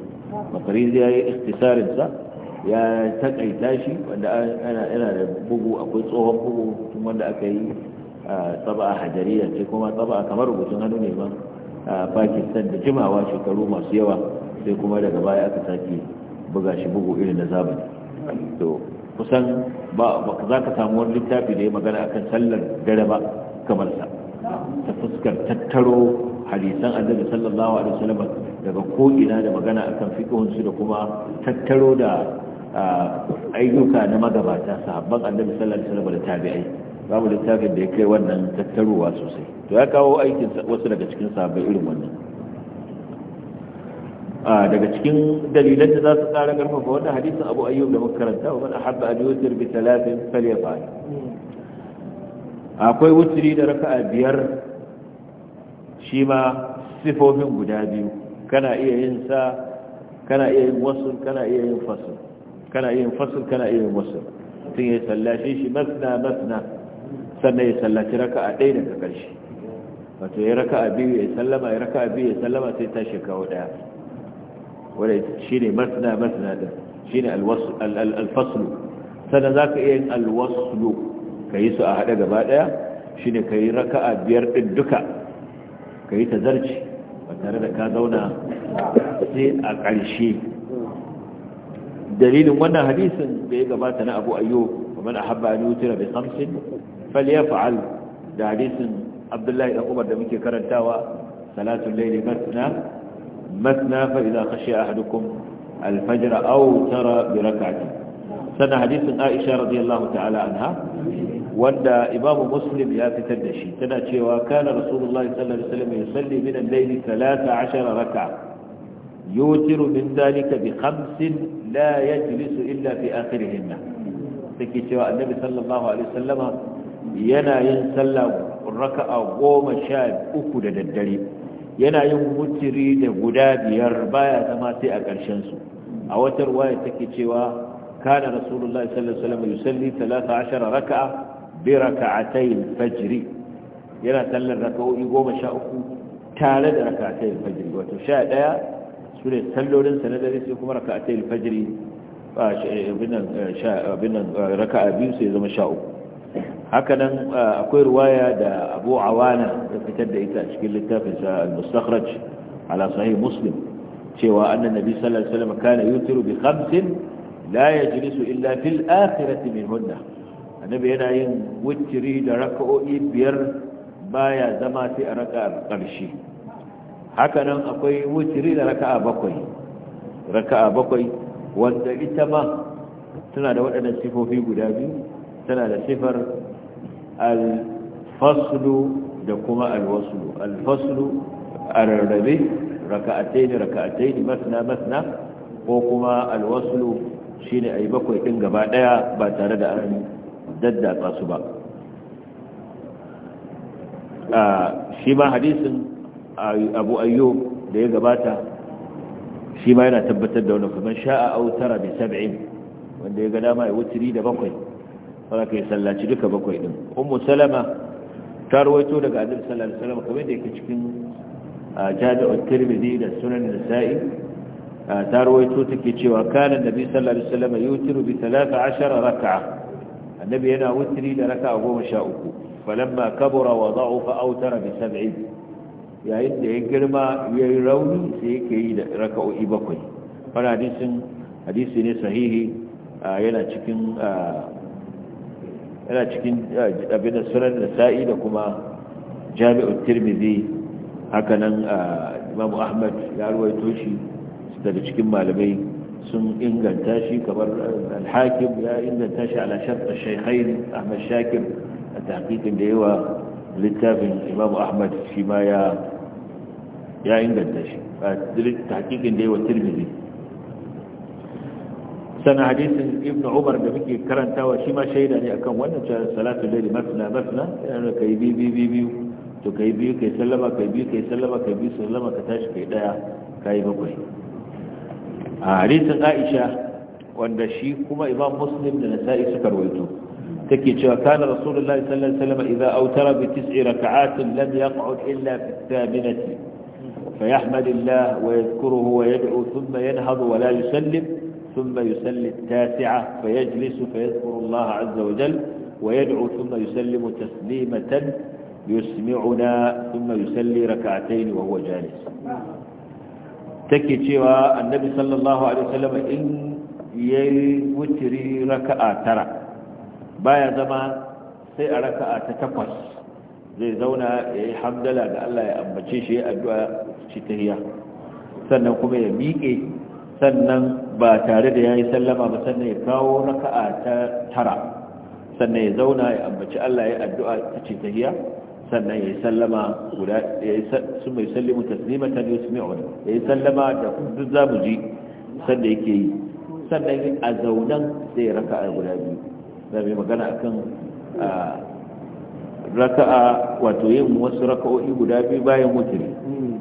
Makarizi ya yi sa ya taƙaita shi wanda yana da bugu akwai tsohon bugu rubutun wanda aka yi tsaba a hajariya ce kuma tsaba kamar rubutun hannu ne ma a pakistan da jimawa shekaru masu yawa sai kuma daga baya aka sake buga shi bugu irin na zamani to kusan ba za ka samu wani littafi da ya magana akan sallar dare ba kamar sa ta fuskar tattaro hadisan annabi sallallahu alaihi wasallam daga ko ina da magana akan fiqhun su da kuma tattaro da ayyuka na magabata sahabban annabi sallallahu alaihi wasallam da tabi'ai babu littafin da ya kai wannan tattaruwa sosai to ya kawo aikin wasu daga cikin sahabbai irin wannan a daga cikin dalilan da za su tsara karfafa wannan hadisin abu ayyub da makaranta wa man ahabba an yutir bi talatin falyafal akwai wutiri da raka'a biyar shi ma sifofin guda biyu kana iya yin sa kana iya yin wasu kana iya yin fasul kana iya yin fasul kana iya yin wasu tun yi sallashe shi masna masna sannan ya sallaci raka'a ɗaya daga ƙarshe wato ya raka'a biyu ya sallama ya raka'a biyu ya sallama sai ta shekawo ɗaya wanda shi ne masna masna ɗin shi ne alfaslu sannan za ka iya yin alwaslu ka yi su a haɗe gaba ɗaya shi ne ka yi raka'a biyar ɗin duka ka yi ta zarci ba tare da ka zauna sai a ƙarshe dalilin wannan hadisin da ya gabata na abu ayyo kamar a haɓa an yi wutura bai falyaf'al da hadisin Abdullahi da Umar da muke karantawa salatul layli matna matna fa idza khashiya ahadukum al-fajr aw tara bi rak'atin sana hadisin Aisha radiyallahu ta'ala anha wanda Imam Muslim ya fitar da shi tana cewa kana Rasulullahi sallallahu alaihi wasallam yusalli min al-layli 13 rak'a يوتر من ذلك بخمس لا يجلس إلا في آخرهن تكي سواء النبي صلى الله عليه وسلم yana yin sallah raka'a goma sha uku da daddare yana yin wutiri da guda biyar baya zama sai a ƙarshen su a wata ruwaya take cewa kana rasulullahi sallallahu alaihi wasallam yusalli 13 raka'a bi raka'atay al-fajr yana sallar raka'o'i uku tare da raka'atay al-fajr wato sha su ne sallolin sa na dare sai kuma raka'atay al-fajr binan eh, eh, eh, raka'a biyu sai zama sha uku. hakanan uh, akwai ruwaya da abu awana da fitar da ita a cikin littafin sa al-mustakhraj ala sahih muslim cewa annan nabi sallallahu alaihi wasallam kana yutiru bi khamsin la yajlisu illa fil akhirati minhunna annabi yana yin wutiri da raka'o'i biyar baya zama sai a raka karshe hakanan akwai wutiri da raka'a bakwai raka'a bakwai wanda ita ma tana da waɗannan sifofi guda biyu tana da sifar alfaslu da kuma alwaslu alfaslu a rarrabe raka'atai ne raka'atai ne masna masna ko kuma alwaslu shi ne a yi bakwai ɗin gaba ɗaya ba tare da an daddatsa su ba shi ma hadisin abu ayyo da ya gabata shi ma yana tabbatar da wani kuma sha'a autara bi sab'in wanda ya ga dama ya wuturi da bakwai wanda kai sallaci duka bakwai din ummu salama ta rawaito daga annabi sallallahu alaihi wasallam kamar da yake cikin jami'u tirmidhi da sunan Nisa'i. ta rawaito take cewa kana annabi sallallahu alaihi wasallam yutiru bi 13 rak'a annabi yana wutri da rak'a 13 falamma kabura wa da'afa awtara bi 70 yayin da ya girma yayi rauni sai yake yi da raka'o'i bakwai wannan hadisin hadisi ne sahihi yana cikin yana cikin abin da sunan nasa'i da kuma jami'ul tirmidhi haka nan imam ahmad ya ruwaito shi daga cikin malamai sun inganta shi kamar alhakim ya inganta shi ala sharta shaikhain ahmad shakir a tahqiqin da yawa littafin imam ahmad shi ma ya ya inganta shi a tahqiqin da yawa tirmidhi sana hadisin ibn umar da muke karantawa shi ma shaida ne akan wannan cewa salatu laili masna masna yana kai bi bi bi bi to kai biyu kai sallama kai biyu kai sallama kai biyu sallama ka tashi kai daya kai bakwai a hadisin aisha wanda shi kuma imam muslim da nasa'i suka rawaito take cewa kana rasulullahi sallallahu alaihi wasallam idza awtara bi tis'i raka'atin lam yaq'ud illa fi thabinati فيحمد الله ويذكره ويدعو ثم ينهض ولا يسلم ثم يسلي التاسعة فيجلس فيذكر الله عز وجل ويدعو ثم يسلم تسليمة يسمعنا ثم يسلي ركعتين وهو جالس take cewa annabi sallallahu alaihi wasallam in yayi wutiri raka'a tara baya zama sai a raka'a ta takwas zai zauna yayi hamdala ga Allah ya ambace shi addu'a shi tahiyya sannan kuma ya miƙe sannan ba tare da ya yi sallama ba sannan ya kawo raka'a ta tara sannan ya zauna ya ambaci Allah ya addu'a ta ce tahiya sannan ya yi sallama guda ya yi sun mai sallimu taslimatan yusmi'un ya yi sallama da kudu zamu ji yake yi sannan a zaunan sai ya raka'a guda biyu da mai magana akan raka'a wato yin wasu raka'o'i guda biyu bayan mutune hmm.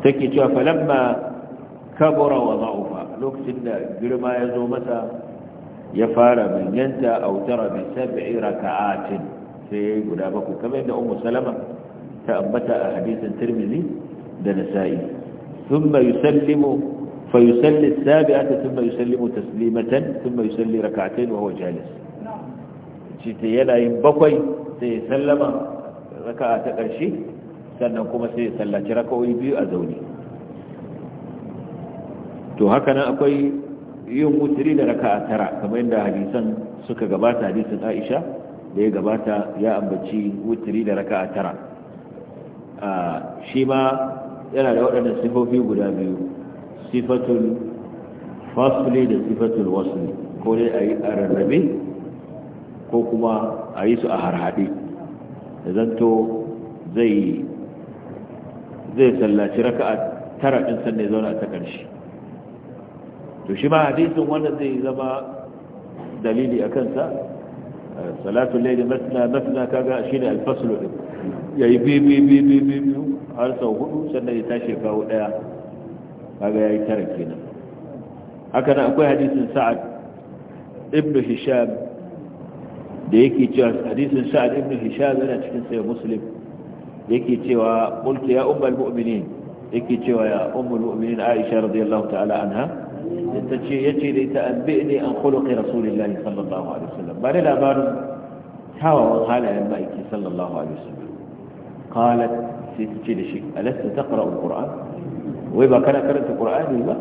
take cewa falamma kabura wa za'ufa lokacin da girma ya zo masa ya fara manyanta a wutara bi sab'i raka'atin sai ya yi guda baku kamar yadda ummu salama ta ambata a hadisin tirmidhi da nasa'i thumma yusallimu fa yusalli as-sabi'ata thumma yusallimu taslimatan thumma yusalli raka'atayn wa huwa jalis shi ta yana yin bakwai sai ya sallama raka'a ta ƙarshe sannan kuma sai ya sallaci raka'o'i biyu a zaune to haka nan akwai yin wuturi da raka'a tara kamar yadda hadisan suka gabata hadisin Aisha da ya gabata ya ambaci wutiri da raka'a tara shi ma yana da waɗannan sifofi guda biyu sifatul fasli da sifatul wasli ko dai a yi a rarrabe ko kuma a yi su a harhaɗe da zanto zai zai sallaci raka'a tara ɗin sannan zauna a ta ƙarshe to shi ma hadisin wanda zai zama dalili a kansa Salatu laili matna matna kaga shi ne alfaslu din ya yi bi bi bi bi bi har sau hudu sannan ya tashi kawo daya kaga ya yi tara kenan haka nan akwai hadisin sa'ad ibnu hisham da yake cewa hadisin sa'ad ibnu hisham yana cikin sai muslim yake cewa qultu ya ummul mu'minin yake cewa ya ummul mu'minin aisha radiyallahu ta'ala anha ta ce ya ce da ita abbe ne an khuluqi rasulillahi sallallahu alaihi wasallam ba da labarin kyawawan halayen ma'aiki sallallahu alaihi wasallam qalat sai ta ce da shi alasta taqra alquran wai ba kana karanta qur'ani ba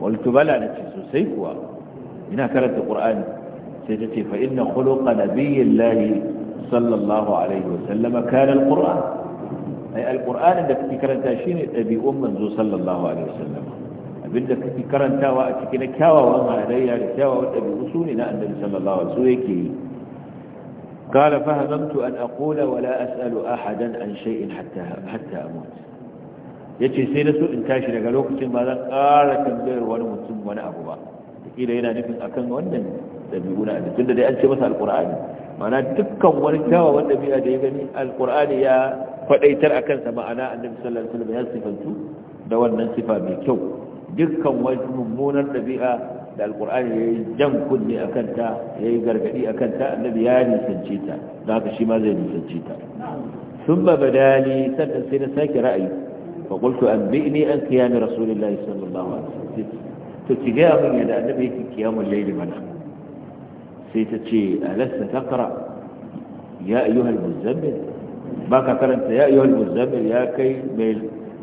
qultu bala na ce sosai kuwa ina karanta qur'ani sai ta ce fa inna khuluqa nabiyillahi sallallahu alaihi wasallam kana alquran ai alquran da kake karanta shine dabi'un manzo sallallahu alaihi wasallam abinda kake karantawa a cikin na kyawawan halayya da kyawawan ɗabi'u su ne na annabi sallallahu alaihi wasallam yake yi قال فهممت أن أقول ولا أسأل أحدا عن شيء حتى حتى أموت yace sai da su in tashi daga lokacin ba zan ƙara tambayar wani mutum wani abu ba kila yana nufin akan wannan dabi'u na abin tunda dai an ce masa alqur'ani ma'ana dukkan wani kyawawan dabi'a da ya gani alqur'ani ya faɗaitar akan sa ma'ana annabi sallallahu alaihi ya da wannan sifa mai kyau dukkan wani mummunar ɗabi'a da alkur'ani ya yi jan kunne a kanta ya yi gargaɗi a kanta annabi ya nisanci ta da haka shi ma zai nisanci ta sun ba badali sannan sai na sake ra'ayi fa qultu anbi'ni an qiyam rasulillahi sallallahu alaihi wasallam to ki ga mun yadda annabi yake qiyamul layli mana sai ta ce alasta taqra ya ayyuhal muzammil baka karanta ya ayyuhal muzammil ya kai mai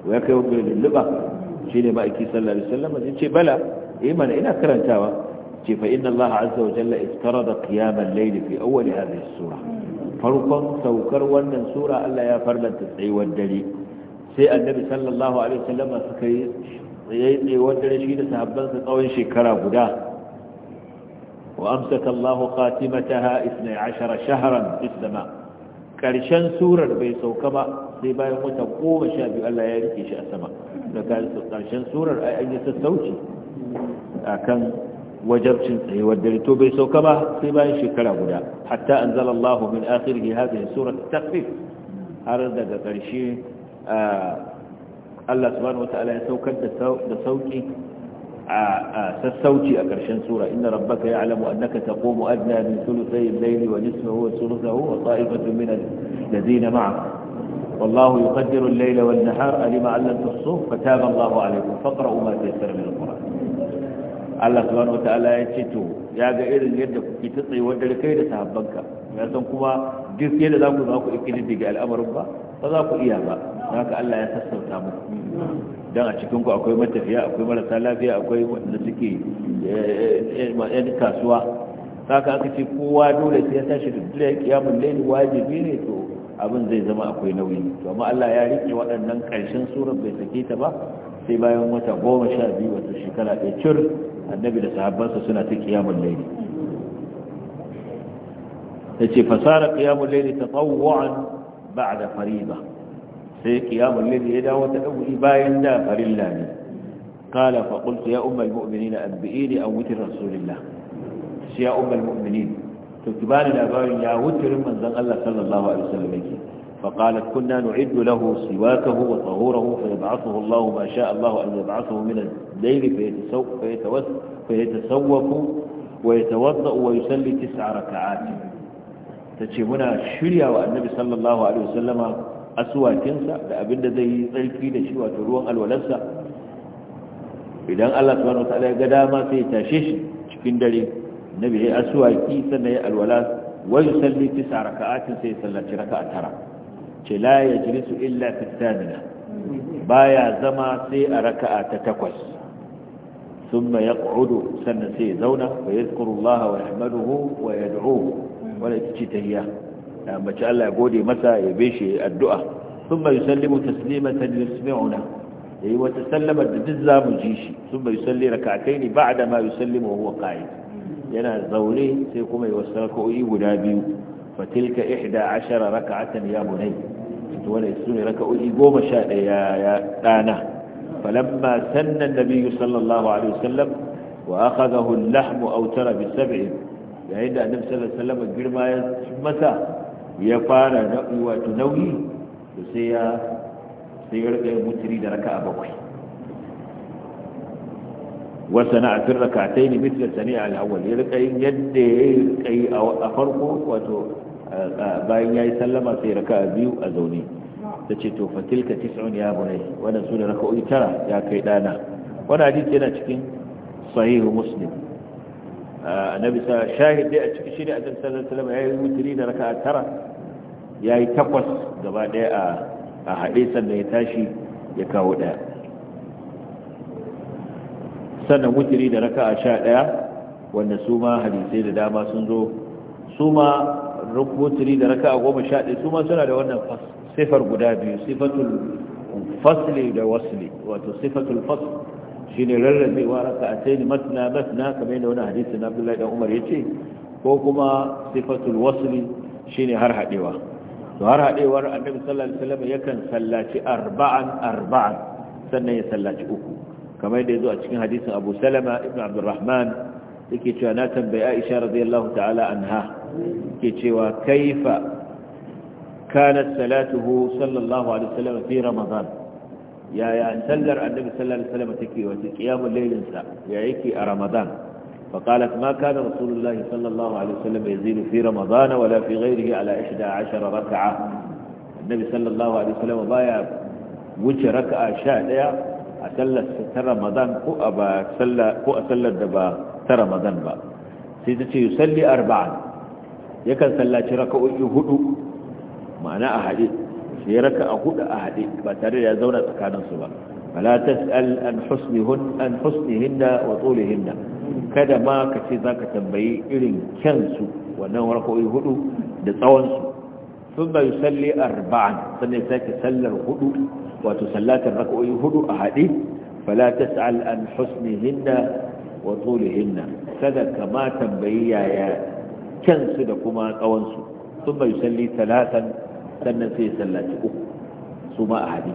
ya kai mai lulluɓa. shi ne ma'aiki sallallahu alaihi wasallam ya ce bala eh mana ina karantawa ce fa inna Allah azza wa jalla istarada da al-layl fi awwal hadhihi sura farkon saukar wannan sura Allah ya farlanta tsayuwar dare sai annabi sallallahu alaihi wasallam suka yi tsayuwar dare shi da sahabbansa tsawon shekara guda Wa وأمسك الله خاتمتها 12 شهرا في السماء Karshen surar bai sauka ba sai bayan wata goma sha biyu Allah ya rike shi a sama daga surar ai an yi sassauci a kan wajabcin tsayuwar dare to bai sauka ba sai bayan shekara guda hatta an zala Allah min ya hadhihi surar takfif har daga ƙarshe Allah subhanahu ya saukar da sauki a sassauci a ƙarshen sura inna rabbaka ya'lamu annaka taqumu adna min thuluthay al-layli wa nisfahu wa thuluthahu wa ta'ifatun min alladhina ma'ak والله يقدر الليل والنهار ألم أن لم تحصوه فتاب الله عليكم فاقرأوا ما تيسر من القرآن الله سبحانه وتعالى يتشتو يا غير يدك كتطي ودل كيد سحبنك يا سنكما ديك يد ذاك ذاك إكلي ديك الأمر با ba za ku iya ba za ka Allah ya sassauta mu don a cikinku akwai matafiya akwai marasa lafiya akwai wanda suke yan eh, eh, kasuwa za ka aka ce kowa dole sai ya tashi da dole kiyamun laili wajibi ne to abin zai zama akwai nauyi to amma Allah ya rike waɗannan ƙarshen surar bai sake ta ba sai bayan wata goma sha biyu wata shekara ɗaya cur annabi da sahabbansa suna ta kiyamun laili ta ce fasara kiyamun laili ta tsawon بعد فريضة في قيام الذي يدا وتأوي باين دا فرلا قال فقلت يا أم المؤمنين أنبئيني أو وتر رسول الله يا أم المؤمنين تكبان الأبار يا وتر من ذن الله صلى الله عليه وسلم فقالت كنا نعد له سواكه وطهوره فيبعثه الله ما شاء الله أن يبعثه من الليل فيتسوق, فيتسوق ويتوضأ ويسلي تسع ركعات ta ce muna shirya wa annabi sallallahu alaihi wasallama asuwakinsa da abin da zai yi tsarki da shi wato ruwan alwalarsa idan Allah subhanahu wa ta'ala ya ga dama sai ya tashe shi cikin dare annabi ya asuwaki sannan ya alwala wa yusalli tis'a raka'atin sai ya sallaci raka'a tara ce la yajlisu illa fi thamina baya zama sai a raka'a ta takwas thumma yaq'udu sannan sai ya zauna wa yadhkuru Allah wa yahmaduhu wa yad'uhu wanda ita ce tahiyya ya ambaci Allah ya gode masa ya be shi addu'a sun bai sallimu taslimatan yasmi'una yayi wata sallama da duk zamu ji shi sun bai salli rak'ataini ba'da ma yusallimu huwa qa'id yana zaune sai kuma ya wasu rak'o'i guda biyu fatilka raka rak'atan ya bunay to wannan sune rak'o'i 11 ya dana فلما سن النبي صلى الله عليه وسلم وأخذه اللحم أوتر بالسبع yayin da annabi sallallahu alaihi wasallam girma ya masa ya fara nauyi wato nauyi to sai ya sai ya rika mutri da raka'a bakwai wa sana'a fil rak'atayn mithla sani'a al-awwal ya rika yin yadda ya kai a farko wato bayan yayi sallama sai raka'a biyu a zauni tace to fa tilka tis'un ya bunay wannan sune raka'u tara ya kai dana wannan hadisi yana cikin sahihu muslim annabi bisa shahid dai a cikin shine annabi sallallahu salama ya yi wutri da raka a tara ya yi takwas gaba daya a haɗe hade sannan ya tashi ya kawo daya sannan wutri da raka a sha 11 wanda su ma hadisai da dama sun zo su ma wutri da raka a goma sha 11 su ma suna da wannan sifar guda biyu sifatul fasli da wasli wato sifatul fasl shine rarrabewa raka'atayn matna matna kamar da wani hadisi Abdullahi dan Umar ce ko kuma sifatul wasli shine har haɗewa to har hadewar Annabi sallallahu alaihi wasallam yakan sallaci arba'an arba'an sannan ya sallaci uku kamar da yazo a cikin hadisin Abu Salama ibn Abdurrahman yake cewa na tambayi Aisha radiyallahu ta'ala anha yake cewa kaifa كانت صلاته صلى الله عليه وسلم yaya sallar annabi sallallahu alaihi wasallam take wace qiyamul laylin sa ya yake a ramadan fa qalat ma kana rasulullahi sallallahu alaihi wasallam yazidu fi ramadan wala fi ghayrihi ala 11 rak'a annabi sallallahu alaihi wasallam baya wuce rak'a 11 a sallar ta ramadan ko a sallar da ba ta ramadan ba sai ta ce yusalli arba'an yakan sallaci raka'o'i ma'ana a ya raka a hudu a haɗe ba tare da ya zauna tsakaninsu ba fala tas'al an husnihun an husnihinna wa tulihinna kada ma ka ce za ka tambayi irin kyansu wannan rak'o'i hudu da tsawon su thumma salli arba'an sannan sake sallar hudu wato sallatar rak'o'i hudu a haɗe fala al an husnihinna wa tulihinna kada ka ma tambayi yaya kyansu da kuma tsawon su thumma salli talatan sannan sai ya sallaci uku su ma a hadi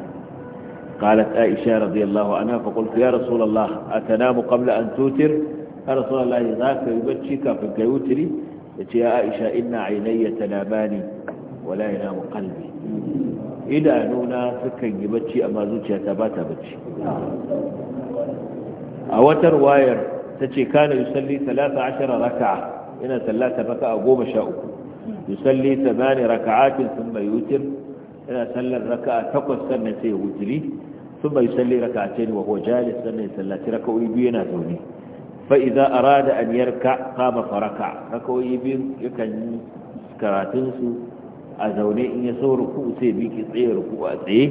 قالت عائشة رضي الله عنها فقلت يا رسول الله أتنام قبل أن توتر يا رسول الله ذاك يبتشك فكيوتري يا عائشة إن عيني تنامان ولا ينام قلبي إذا نونا فكن يبتشي أما زوجها تبات بتشي أوتر واير تتشي كان يسلي ثلاثة عشر ركعة إن ثلاثة ركعة قوم شاؤكم yusalli thamani raka'atin thumma yutir yana sallar raka'a takwas sannan sai ya wutiri thumma yusalli raka'atayn wa huwa jalis sannan ya sallaci raka'o'i biyu yana zaune fa idza arada an yarka qama faraka raka'o'i biyu yakan yi karatunsu a zaune in ya so ruku sai bi biki tsaye ruku a tsaye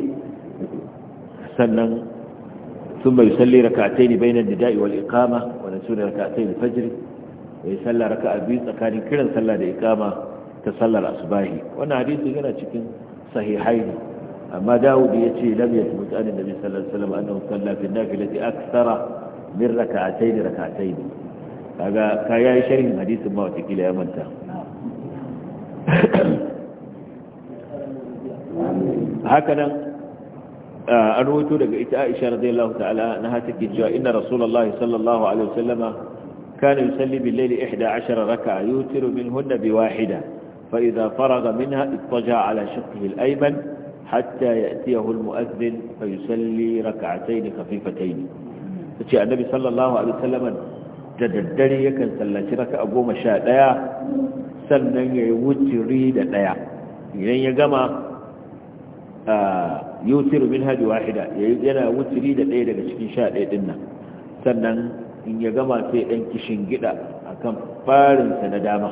sannan sun bai ثم يصلي ركعتين بين النداء والإقامة ونسون ركعتين الفجر ويصلى biyu tsakanin kiran كلا da الإقامة ta sallar asbahi wannan hadisi yana cikin sahihai amma dawud ya ce lam yathbut an annabi sallallahu alaihi wasallam annahu salla fi nafilati akthara min rak'atayn rak'atayn kaga ka yayi sharhin hadisin ma wata kila ya manta haka nan an rubuto daga ita Aisha radiyallahu ta'ala na ke cewa inna rasulullahi sallallahu alaihi wasallama كان يصلي بالليل 11 ركعة يوتر منهن بواحدة فإذا فرغ منها اضطجع على شقه الأيمن حتى يأتيه المؤذن فيسلي ركعتين خفيفتين تشي النبي صلى الله عليه وسلم تددري يكن سلاتي ركعة ابو مشاء ديا سنن يوتري ديا إذن يقام آه، يوتر منها بواحدة يجنى وتري ديا ديا شكين شاء ديا سنن إن يقام في أنكشن جدا أكم فارنس ندامه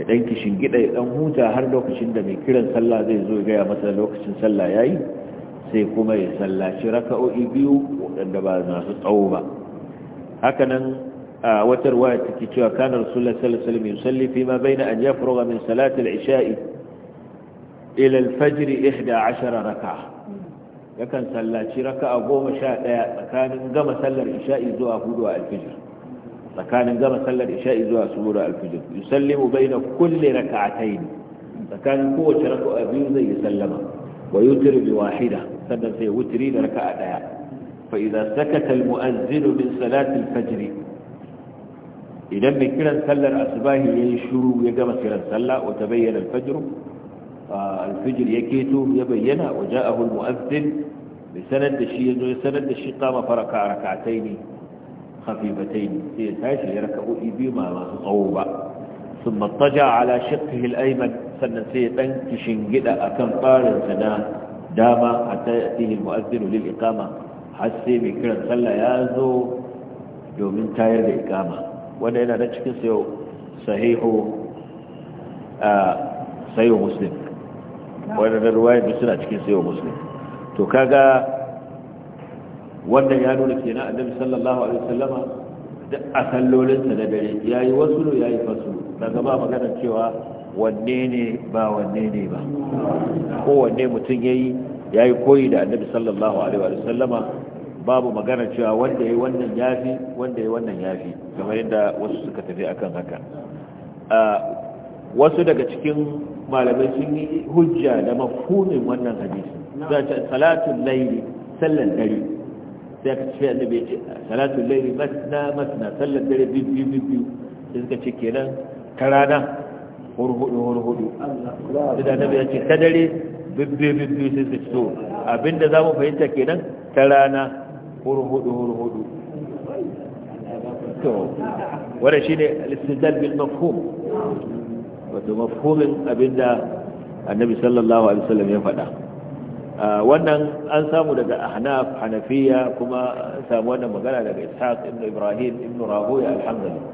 ya dan kishin gida ya dan huta har lokacin da mai kiran sallah zai zo gaya masa lokacin sallah yayi sai kuma ya sallaci raka'o'i biyu wadanda ba masu tsawo ba haka nan a wata ruwaya take cewa kana rasulullahi sallallahu alaihi wasallam yusalli fi ma baina an yafruga min salati al-isha'i ila al-fajr 11 raka'a yakan sallaci raka'a 11 tsakanin gama sallar isha'i zuwa hudu al-fajr فكان جرى صلاة العشاء زوا سورة الفجر يسلم بين كل ركعتين فكان قوة ركعة بيوزة يسلم ويتر بواحدة سنة سيوترين ركعة دايا فإذا سكت المؤذن من صلاة الفجر إذا مكرا صلى الاصباح ينشروا يقام سيرا صلى وتبين الفجر الفجر يكيتو يبينها وجاءه المؤذن بسند الشيء يسند الشيء قام فركع ركعتين خفيفتين سيتاشي يركعوا إبيما ما تصعوبا ثم اتجع على شقه الأيمن سنة سيتن تشنجد أكن قارن سنة داما حتى يأتيه المؤذن للإقامة حسي بكرا صلى يازو دومين تاير الإقامة وانا هنا نشكي سيو صحيح آه سيو مسلم وانا الرواية بسنة تشكي سيو مسلم تو كذا wannan ya nuna kenan annabi sallallahu alaihi wasallama da a sa da dare yayi wasulu yayi fasulu daga ba magana cewa wanne ne ba wanne ne ba ko wanne mutum yayi yayi koyi da annabi sallallahu alaihi wasallama babu magana cewa wanda yayi wannan yafi wanda yayi wannan yafi kamar yadda wasu suka tafi akan haka wasu daga cikin malamai sun yi hujja da mafhumin wannan hadisi za ta salatul layli sallan dare sai aka ce annabi ya ce salatul layli masna masna sallar dare biyu biyu biyu sai suka ce kenan ta rana hurhudu hurhudu sai da annabi ya ce ta dare biyu biyu sai suka ce to abinda za mu fahimta kenan ta rana hurhudu hurhudu to wanda shine al-istidlal bil mafhum wato mafhumin abinda annabi sallallahu alaihi wasallam ya faɗa Ah, wannan an samu daga ahnaf hanafiya kuma an samu wannan magana daga ishaq ibn ibrahim ibn rahoya alhamdulillah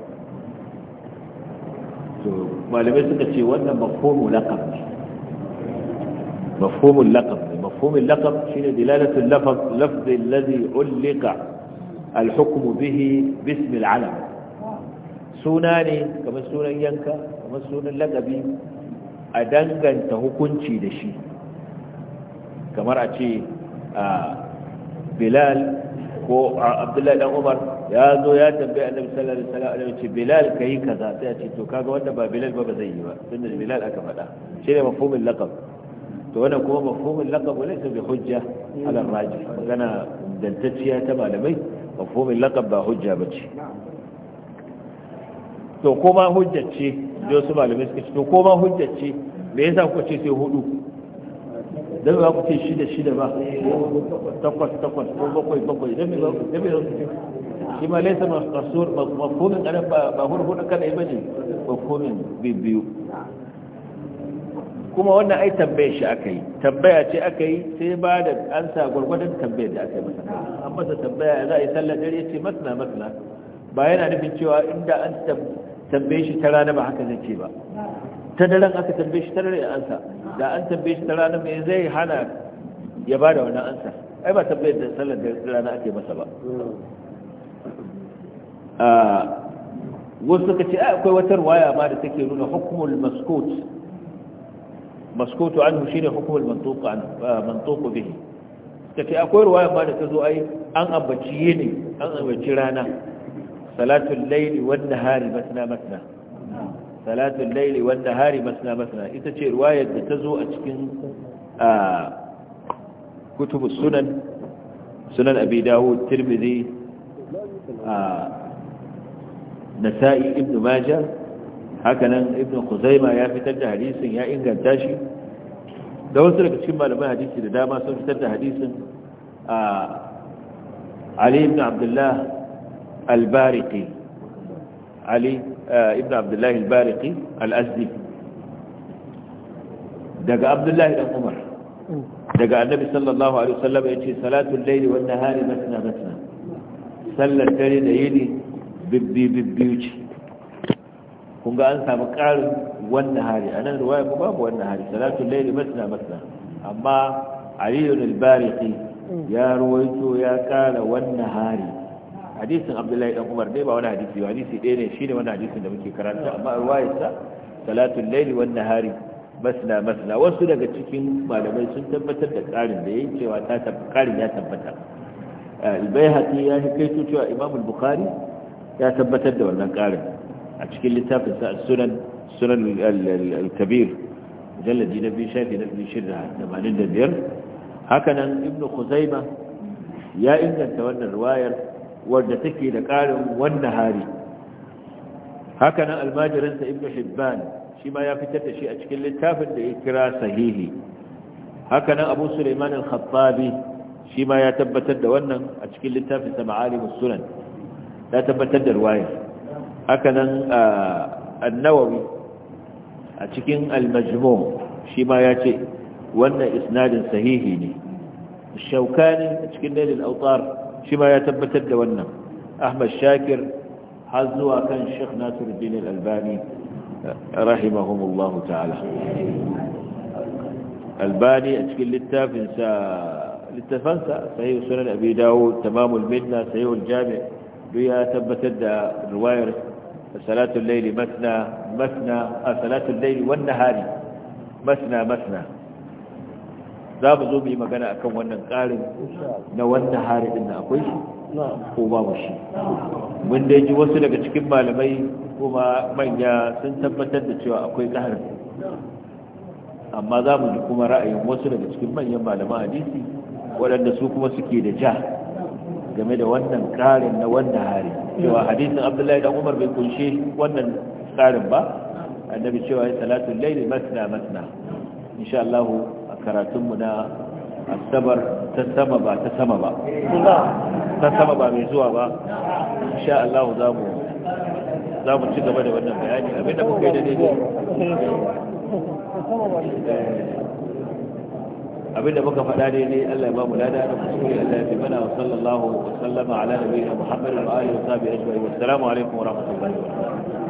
to malamai suka ce wannan mafhumul laqab ne mafhumul laqab ne mafhumul laqab shine dilalatul lafz lafz alladhi ulqa alhukm bihi bism alalam suna ne kamar sunan yanka kamar sunan lagabi a danganta hukunci da shi kamar a ce bilal ko abdullahi dan umar ya zo ya tambaye annabi sallallahu alaihi wasallam annabi ce bilal kai kaza sai a ce to kaga wanda ba bilal ba ba zai yi ba tunda bilal aka faɗa shi shine mafhumul laqab to wannan kuma mafhumul laqab laysa bi hujja ala rajih magana dantacciya ta malamai mafhumul laqab ba hujja bace to ko ma hujjacce je su malamai suka ce to ko ma ce me yasa kuka ce sai hudu don ba ku ce shida shida ba takwas takwas ko bakwai bakwai don me za ku ce shi ma laisa masur mafhumin kadan ba hurhudu kadai ba ne makomin biyu kuma wannan ai tambayar shi aka yi tambaya ce aka yi sai ba da ansa gwargwadon tambayar da aka yi masa an masa tambaya ya za a yi sallar dare ce masana masana ba yana nufin cewa inda an tambaye shi ta rana ba haka zai ce ba ta daren aka tambaye shi tarar ya ansa da an tambaye shi ta rana mai zai hana ya ba da wani ansa ai ba tambaye da sallar da rana ake masa ba wasu suka ce akwai wata ruwaya ma da take nuna hukumul maskot maskotu anhu shine hukumul mantuq an mantuq bihi take akwai ruwaya ma da ta zo ai an ambaci yini, an ambaci rana salatul layli wan nahari matna matna salatul laili wanda hari masna masna ita ce riwayar da ta zo a cikin kutubu sunan sunan abi dawud tirmidhi nasa'i ibn majah hakanan ibn khuzaima ya fitar da hadisin ya inganta shi da wasu daga cikin malaman hadisi da dama sun fitar da hadisin ali ibn abdullah al-bariqi ali ibn abdullahi al-bariqi al-azdi daga abdullahi dan umar daga annabi sallallahu alaihi wasallam yace salatul layli wan nahari matna sallar dare da yini bibbi bibbi ce ga an samu karin wan nahari anan riwaya ko babu wan hari salatul layli matna matna amma Aliyu bariqi ya ruwaito ya ƙara wan hari. hadisin abdullahi dan umar ne ba wani hadisi ba hadisi ɗaya ne shine wani hadisin da muke karanta amma ruwayarsa salatul layli wan nahari masna masna wasu daga cikin malamai sun tabbatar da ƙarin da yayin cewa ta ƙarin ya tabbata eh, al-baihaqi ya hikaito cewa imam al-bukhari ya tabbatar da wannan ƙarin a cikin littafin sa sunan sunan al-kabir mujalladi na biyu shafi na biyu shirya tamanin da biyar hakanan ibn khuzaima ya inganta wannan riwayar wadda take da ƙarin wanda hari haka nan almajirinsa ibn hibban shi ma ya fitar da shi a cikin littafin da ya kira sahihi haka nan abu suleiman al-khattabi shi ma ya tabbatar da wannan a cikin littafin sa ma'alim sunan ya tabbatar da ruwaya haka nan an a cikin almajmo majmu shi ma ya ce wannan isnadin sahihi ne shaukani a cikin nailul autar shi ma ya tabbatar da wannan ahmad shakir har zuwa kan sheikh nasiruddin al-albani rahimahumullahu ta'ala albani a cikin littafinsa littafansa sahih sunan abi dawud tamamul midna sahih al-jami' duk ya tabbatar da ruwayar salatul layli masna masna salatul layli wan nahari masna masna za mu zo mu yi magana akan wannan ƙarin na wannan hari din da akwai shi ko babu shi mun dai ji wasu daga cikin malamai kuma manya sun tabbatar da cewa akwai ƙarin amma za mu ji kuma ra'ayin wasu daga cikin manyan malaman hadisi waɗanda su kuma suke da ja game da wannan ƙarin na wannan hari cewa hadisin abdullahi dan umar bai kunshe wannan tsarin ba annabi cewa ya salatu laili masna masna insha Allah karatunmu na asabar ta sama ba ta sama ba ta sama ba mai zuwa ba insha Allah za mu ci gaba da wannan bayani abinda muka yi da daidai eh, abinda muka faɗa daidai Allah ya ba mu lada da kuskure Allah ya fi mana wa sallallahu wa sallama ala nabiyina Muhammadin wa alihi wa sahbihi ajma'in assalamu alaikum wa rahmatullahi wa barakatuh